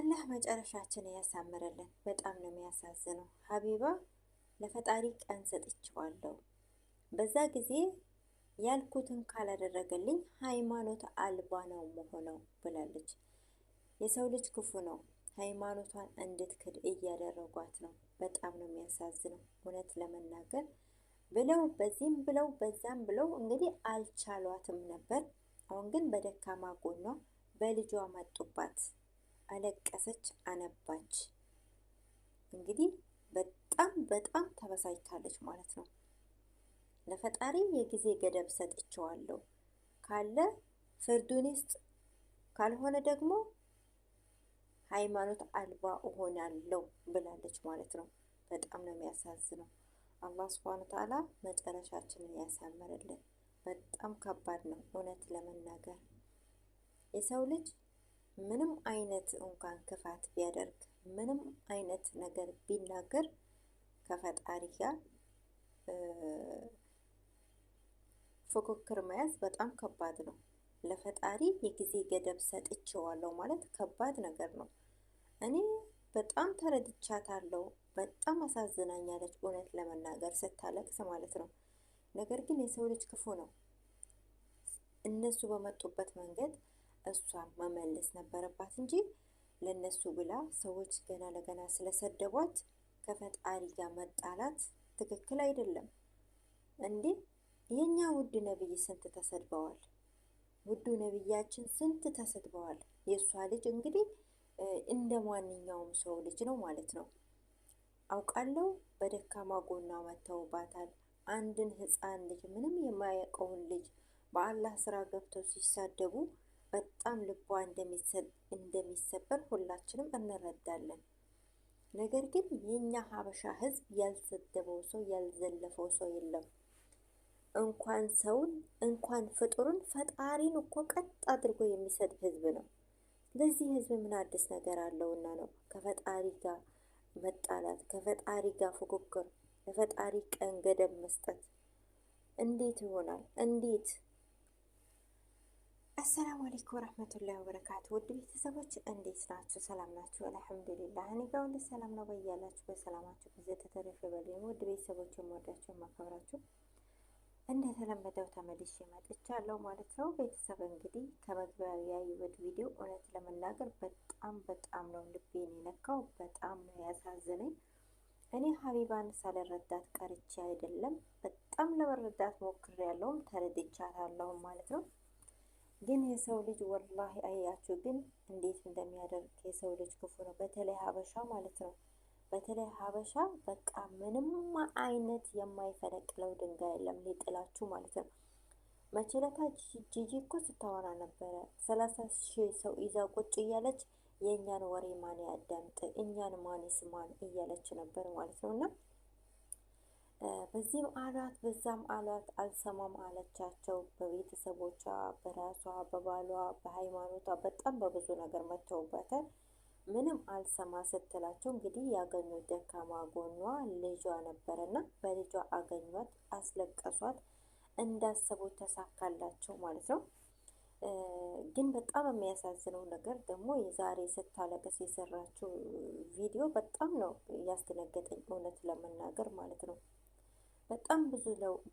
አላህ መጨረሻችን ያሳምረልን። በጣም ነው የሚያሳዝነው። ሀቢባ ለፈጣሪ ቀን ሰጥቼዋለሁ። በዛ ጊዜ ያልኩትን ካላደረገልኝ ሃይማኖት አልባ ነው መሆነው ብላለች። የሰው ልጅ ክፉ ነው። ሃይማኖቷን እንድትክድ እያደረጓት ነው። በጣም ነው የሚያሳዝነው እውነት ለመናገር ብለው በዚህም ብለው በዛም ብለው እንግዲህ አልቻሏትም ነበር። አሁን ግን በደካማ ጎኗ በልጇ መጡባት። አለቀሰች፣ አነባች። እንግዲህ በጣም በጣም ተበሳጭታለች ማለት ነው። ለፈጣሪ የጊዜ ገደብ ሰጥቼዋለሁ ካለ ፍርዱን ይስጥ፣ ካልሆነ ደግሞ ሃይማኖት አልባ እሆናለሁ ብላለች ማለት ነው። በጣም ነው የሚያሳዝነው። አላህ ስብሃነ ወተዓላ መጨረሻችንን ያሳምርልን። በጣም ከባድ ነው እውነት ለመናገር የሰው ልጅ ምንም አይነት እንኳን ክፋት ቢያደርግ ምንም አይነት ነገር ቢናገር ከፈጣሪ ጋር ፉክክር መያዝ በጣም ከባድ ነው። ለፈጣሪ የጊዜ ገደብ ሰጥቼዋለሁ ማለት ከባድ ነገር ነው። እኔ በጣም ተረድቻታለሁ። በጣም አሳዝናኛለች፣ እውነት ለመናገር ስታለቅስ ማለት ነው። ነገር ግን የሰው ልጅ ክፉ ነው። እነሱ በመጡበት መንገድ እሷን መመለስ ነበረባት እንጂ ለነሱ ብላ ሰዎች ገና ለገና ስለሰደቧት ከፈጣሪ ጋር መጣላት ትክክል አይደለም እንዴ! የእኛ ውድ ነብይ ስንት ተሰድበዋል። ውዱ ነብያችን ስንት ተሰድበዋል። የእሷ ልጅ እንግዲህ እንደ ማንኛውም ሰው ልጅ ነው ማለት ነው። አውቃለሁ በደካማ ጎና መተውባታል። አንድን ሕፃን ልጅ ምንም የማያውቀውን ልጅ በአላህ ስራ ገብተው ሲሳደቡ በጣም ልቧ እንደሚሰበር ሁላችንም እንረዳለን። ነገር ግን የኛ ሀበሻ ህዝብ ያልሰደበው ሰው ያልዘለፈው ሰው የለም። እንኳን ሰውን እንኳን ፍጡርን ፈጣሪን እኮ ቀጥ አድርጎ የሚሰድብ ህዝብ ነው። ለዚህ ህዝብ ምን አዲስ ነገር አለውና ነው ከፈጣሪ ጋር መጣላት፣ ከፈጣሪ ጋር ፉክክር፣ ለፈጣሪ ቀን ገደብ መስጠት እንዴት ይሆናል? እንዴት አሰላሙ አለይኩም ወረህመቱላሂ ወበረካቱ ውድ ቤተሰቦች እንዴት ናችሁ? ሰላም ናችሁ? አልሐምዱሊላህ እኔ ጋር ሁሉ ሰላም ነው። በያላችሁ በሰላማችሁ ጊዜ ተተረፈ በልኝ። ውድ ቤተሰቦች የምወዳችሁ የማከብራችሁ እንደተለመደው ተመልሼ መጥቻለሁ ማለት ነው። ቤተሰብ እንግዲህ ከመግቢያ ያዩበት ቪዲዮ እውነት ለመናገር በጣም በጣም ነው ልቤን የነካው። በጣም ነው ያሳዝነኝ። እኔ ሀቢባን ሳልረዳት ቀርቼ አይደለም፣ በጣም ለመረዳት ሞክሬያለሁም ተረድቻታለሁም ማለት ነው። ግን የሰው ልጅ ወላሂ አያችሁ ግን እንዴት እንደሚያደርግ የሰው ልጅ ክፉ ነው። በተለይ ሀበሻ ማለት ነው። በተለይ ሀበሻ በቃ ምንም አይነት የማይፈለቅለው ድንጋይ የለም ሊጥላችሁ ማለት ነው። መችለታ ጂጂ እኮ ስታወራ ነበረ። ሰላሳ ሺህ ሰው ይዛ ቁጭ እያለች የእኛን ወሬ ማን ያዳምጥ እኛን ማን ይስማን እያለች ነበር ማለት ነው እና በዚህም አሏት በዛም አሏት አልሰማም አለቻቸው። በቤተሰቦቿ፣ በራሷ፣ በባሏ፣ በሃይማኖቷ በጣም በብዙ ነገር መተውበታል። ምንም አልሰማ ስትላቸው እንግዲህ ያገኙት ደካማ ጎኗ ልጇ ነበረና በልጇ አገኟት፣ አስለቀሷት። እንዳሰቡት ተሳካላቸው ማለት ነው። ግን በጣም የሚያሳዝነው ነገር ደግሞ የዛሬ ስታለቅስ የሰራችው ቪዲዮ በጣም ነው ያስደነገጠኝ፣ እውነት ለመናገር ማለት ነው። በጣም ብዙ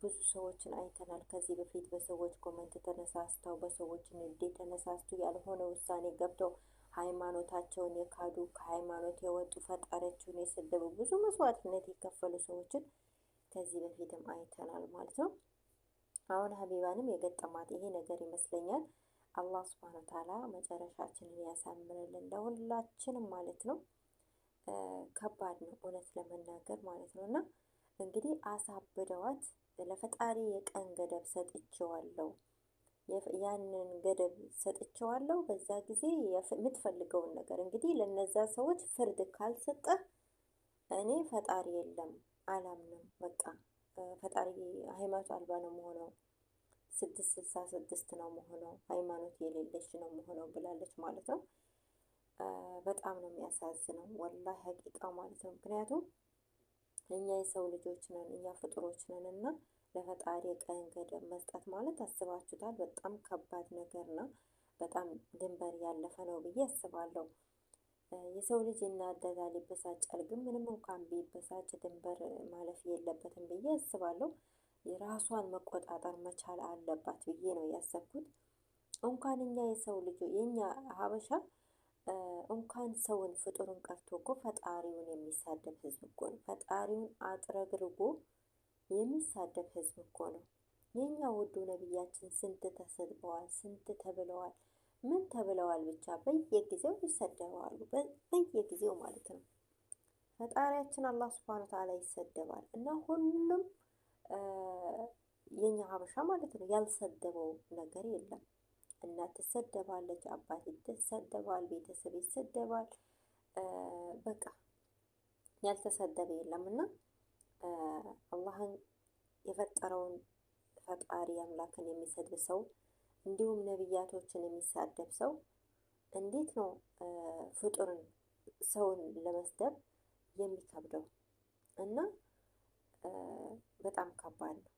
ብዙ ሰዎችን አይተናል። ከዚህ በፊት በሰዎች ኮመንት ተነሳስተው በሰዎች ንዴት ተነሳስተው ያልሆነ ውሳኔ ገብተው ሃይማኖታቸውን የካዱ ከሃይማኖት የወጡ ፈጣሪያቸውን የሰደቡ ብዙ መስዋዕትነት የከፈሉ ሰዎችን ከዚህ በፊትም አይተናል ማለት ነው። አሁን ሀቢባንም የገጠማት ይሄ ነገር ይመስለኛል። አላህ ስብሃነ ተዓላ መጨረሻችንን ያሳምርልን ለሁላችንም ማለት ነው። ከባድ ነው እውነት ለመናገር ማለት ነው እና እንግዲህ አሳብደዋት ለፈጣሪ የቀን ገደብ ሰጥቼዋለሁ፣ ያንን ገደብ ሰጥቼዋለሁ። በዛ ጊዜ የምትፈልገውን ነገር እንግዲህ ለነዛ ሰዎች ፍርድ ካልሰጠ እኔ ፈጣሪ የለም አላምንም፣ በቃ ፈጣሪ ሃይማኖት አልባ ነው መሆነው ስድስት ስልሳ ስድስት ነው መሆነው ሃይማኖት የሌለች ነው መሆነው ብላለች ማለት ነው። በጣም ነው የሚያሳዝነው ወላሂ ሀቂቃ ማለት ነው ምክንያቱም እኛ የሰው ልጆች ነን፣ እኛ ፍጡሮች ነን እና ለፈጣሪ ቀን ገደብ መስጠት ማለት አስባችሁታል፣ በጣም ከባድ ነገር ነው። በጣም ድንበር ያለፈ ነው ብዬ አስባለሁ። የሰው ልጅ እናደዳል፣ ይበሳጫል። ግን ምንም እንኳን ቢበሳጭ ድንበር ማለፍ የለበትም ብዬ አስባለሁ። የራሷን መቆጣጠር መቻል አለባት ብዬ ነው ያሰብኩት። እንኳን እኛ የሰው ልጅ የኛ ሀበሻ እንኳን ሰውን ፍጡሩን ቀርቶ እኮ ፈጣሪውን የሚሳደብ ህዝብ እኮ ነው። ፈጣሪውን አጥረግርጎ የሚሳደብ ህዝብ እኮ ነው። የኛ ውዱ ነቢያችን ስንት ተሰድበዋል፣ ስንት ተብለዋል፣ ምን ተብለዋል፣ ብቻ በየጊዜው ይሰደባሉ፣ በየጊዜው ማለት ነው። ፈጣሪያችን አላህ ስብሃነ ወተዓላ ይሰደባል እና ሁሉም የኛ ሀበሻ ማለት ነው ያልሰደበው ነገር የለም። እናት ትሰደባለች፣ አባት ይሰደባል፣ ቤተሰብ ይሰደባል። በቃ ያልተሰደበ የለም እና አላህን የፈጠረውን ፈጣሪ አምላክን የሚሰድብ ሰው እንዲሁም ነቢያቶችን የሚሳደብ ሰው እንዴት ነው ፍጡርን ሰውን ለመስደብ የሚከብደው? እና በጣም ከባድ ነው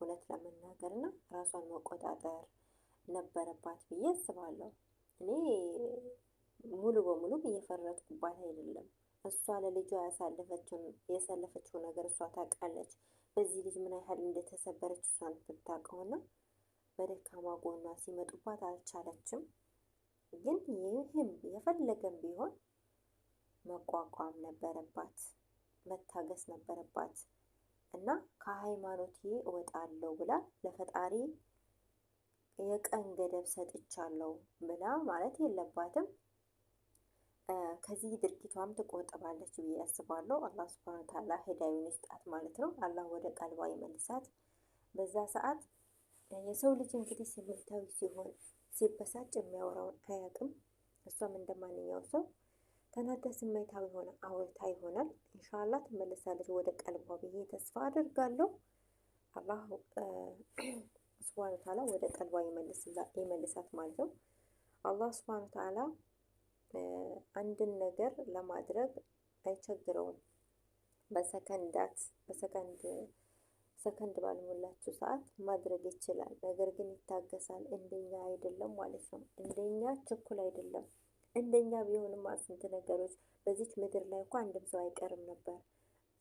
እውነት ለመናገር እና ራሷን መቆጣጠር ነበረባት ብዬ አስባለሁ። እኔ ሙሉ በሙሉም እየፈረድኩባት አይደለም። እሷ ለልጇ ያሳለፈችው ነገር እሷ ታውቃለች። በዚህ ልጅ ምን ያህል እንደተሰበረች እሷ ብታውቀውና በደካማ ጎኗ ሲመጡባት አልቻለችም። ግን ይህም የፈለገም ቢሆን መቋቋም ነበረባት፣ መታገስ ነበረባት እና ከሃይማኖቴ እወጣለሁ ብላ ለፈጣሪ የቀን ገደብ ሰጥቻለሁ ብላ ማለት የለባትም። ከዚህ ድርጊቷም ትቆጠባለች ብዬ አስባለሁ። አላህ ስብሃነ ተዓላ ሂዳዩን ይስጣት ማለት ነው። አላህ ወደ ቀልቧ ይመልሳት። በዛ ሰዓት የሰው ልጅ እንግዲህ ስሜታዊ ሲሆን ሲበሳጭ የሚያወራውን አያውቅም። እሷም እንደማንኛው ሰው ተናዳ ስሜታዊ ሆነ አውርታ ይሆናል። እንሻላ ትመለሳለች ወደ ቀልቧ ብዬ ተስፋ አድርጋለሁ አላህ ስብሓን ታላ ወደ ቀልቧ ይመልሳት ማለት ነው። አላህ ስብሓን ታላ አንድን ነገር ለማድረግ አይቸግረውም። በሰከንዳት በሰከንድ ሰከንድ ባልሞላችሁ ሰዓት ማድረግ ይችላል። ነገር ግን ይታገሳል። እንደኛ አይደለም ማለት ነው። እንደኛ ችኩል አይደለም። እንደኛ ቢሆንማ ስንት ነገሮች በዚች ምድር ላይ እንኳ አንድም ሰው አይቀርም ነበር።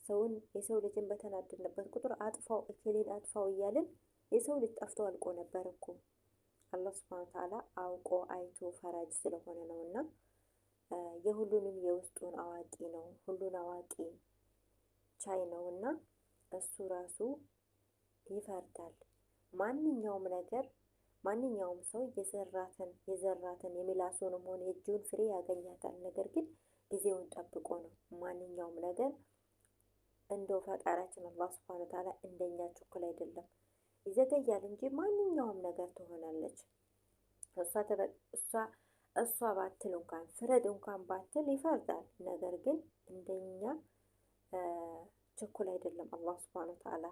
ሰውን የሰው ልጅን በተናደድንበት ቁጥር አጥፋው እክሌን አጥፋው እያልን የሰው ልጅ ጠፍቶ አልቆ ነበር እኮ አላህ ስብሐነ ወተዓላ አውቆ አይቶ ፈራጅ ስለሆነ ነው እና የሁሉንም የውስጡን አዋቂ ነው ሁሉን አዋቂ ቻይ ነው እና እሱ ራሱ ይፈርዳል። ማንኛውም ነገር ማንኛውም ሰው የዘራትን የዘራትን የሚላሱንም ሆነ የእጁን ፍሬ ያገኛታል። ነገር ግን ጊዜውን ጠብቆ ነው ማንኛውም ነገር እንደው ፈጣሪያችን አላህ ስብሐነ ወተዓላ እንደኛ ችኩል አይደለም። ይዘገያል እንጂ ማንኛውም ነገር ትሆናለች። እሷ እሷ ባትል እንኳን ፍረድ እንኳን ባትል ይፈርዳል። ነገር ግን እንደኛ ችኩል አይደለም። አላህ ስብሃነ ወተዓላ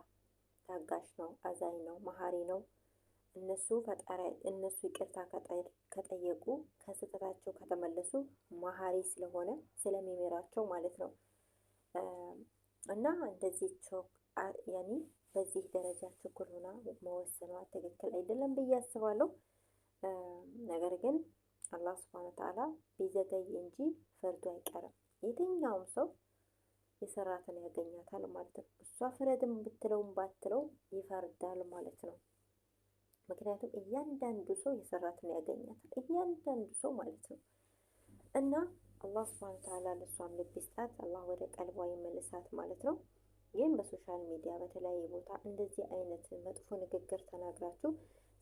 ታጋሽ ነው፣ አዛኝ ነው፣ መሀሪ ነው። እነሱ ፈጣሪ እነሱ ይቅርታ ከጠየቁ ከስህተታቸው ከተመለሱ መሀሪ ስለሆነ ስለሚምራቸው ማለት ነው እና እንደዚህ ያኔ በዚህ ደረጃ ችኩል ሆና መወሰኗ ትክክል አይደለም ብዬ አስባለሁ። ነገር ግን አላህ ስብሐነ ወተዓላ ቢዘገይ እንጂ ፈርዱ አይቀርም። የትኛውም ሰው የሰራትን ያገኛታል ማለት ነው። እሷ ፍረድም ብትለውም ባትለው ይፈርዳል ማለት ነው። ምክንያቱም እያንዳንዱ ሰው የሰራትን ያገኛታል፣ እያንዳንዱ ሰው ማለት ነው እና አላህ ስብሐነ ወተዓላ ልሷም ልብ ይስጣት፣ አላህ ወደ ቀልቧ ይመልሳት ማለት ነው። ይህም በሶሻል ሚዲያ በተለያየ ቦታ እንደዚህ አይነት መጥፎ ንግግር ተናግራችሁ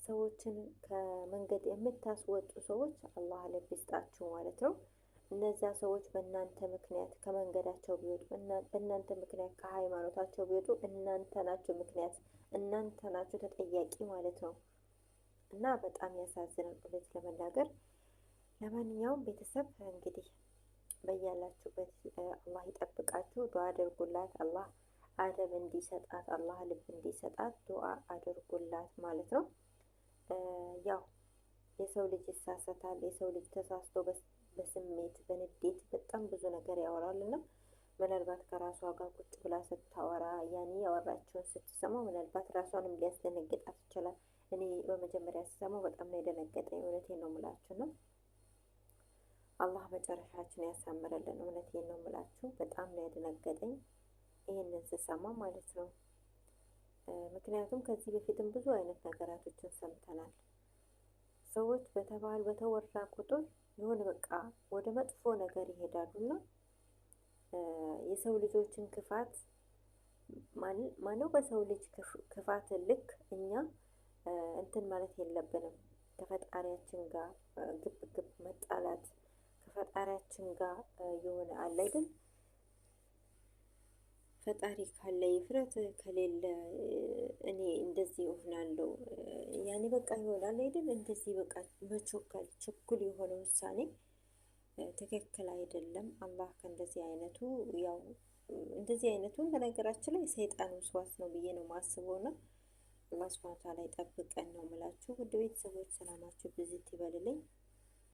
ሰዎችን ከመንገድ የምታስወጡ ሰዎች አላህ ልብ ይስጣችሁ ማለት ነው። እነዚያ ሰዎች በእናንተ ምክንያት ከመንገዳቸው ቢወጡ፣ በእናንተ ምክንያት ከሃይማኖታቸው ቢወጡ እናንተ ናቸው ምክንያት እናንተ ናቸው ተጠያቂ ማለት ነው። እና በጣም ያሳዝናል እውነት ለመናገር። ለማንኛውም ቤተሰብ እንግዲህ በያላችሁበት አላህ ይጠብቃችሁ። ዱዓ አድርጉላት አላህ አደብ እንዲሰጣት አላህ ልብ እንዲሰጣት ዱዓ አድርጉላት ማለት ነው። ያው የሰው ልጅ ይሳሰታል። የሰው ልጅ ተሳስቶ በስሜት በንዴት በጣም ብዙ ነገር ያወራል እና ምናልባት ከራሷ ጋር ቁጭ ብላ ስታወራ ያኔ ያወራችውን ስትሰማ ምናልባት ራሷንም ሊያስደነግጣት ይችላል። እኔ በመጀመሪያ ስሰማው በጣም ነው የደነገጠኝ። እውነቴን ነው የምላችሁ ነው አላህ መጨረሻችን ያሳምረልን። እውነቴን ነው የምላችሁ በጣም ነው ያደነገጠኝ። ይሄንን ስሰማ ማለት ነው። ምክንያቱም ከዚህ በፊትም ብዙ አይነት ነገራቶችን ሰምተናል። ሰዎች በተባል በተወራ ቁጥር የሆነ በቃ ወደ መጥፎ ነገር ይሄዳሉና የሰው ልጆችን ክፋት ማነው በሰው ልጅ ክፋት ልክ እኛ እንትን ማለት የለብንም። ከፈጣሪያችን ጋር ግብግብ መጣላት ከፈጣሪያችን ጋር የሆነ አለ አይደል ፈጣሪ ካለ ይፍረት፣ ከሌለ እኔ እንደዚህ እሆናለሁ። ያኔ በቃ ይሆናል አይደል? እንደዚህ በቃ መቾካል ችኩል የሆነ ውሳኔ ትክክል አይደለም። አላህ ከእንደዚህ አይነቱ ያው እንደዚህ አይነቱን በነገራችን ላይ ሰይጣን ውስዋስ ነው ብዬ ነው ማስበው ና አላህ ስብሃነ ተዓላ ይጠብቀን ነው ምላችሁ። ውድ ቤተሰቦች ሰላማችሁ ብዝት ይበልልኝ።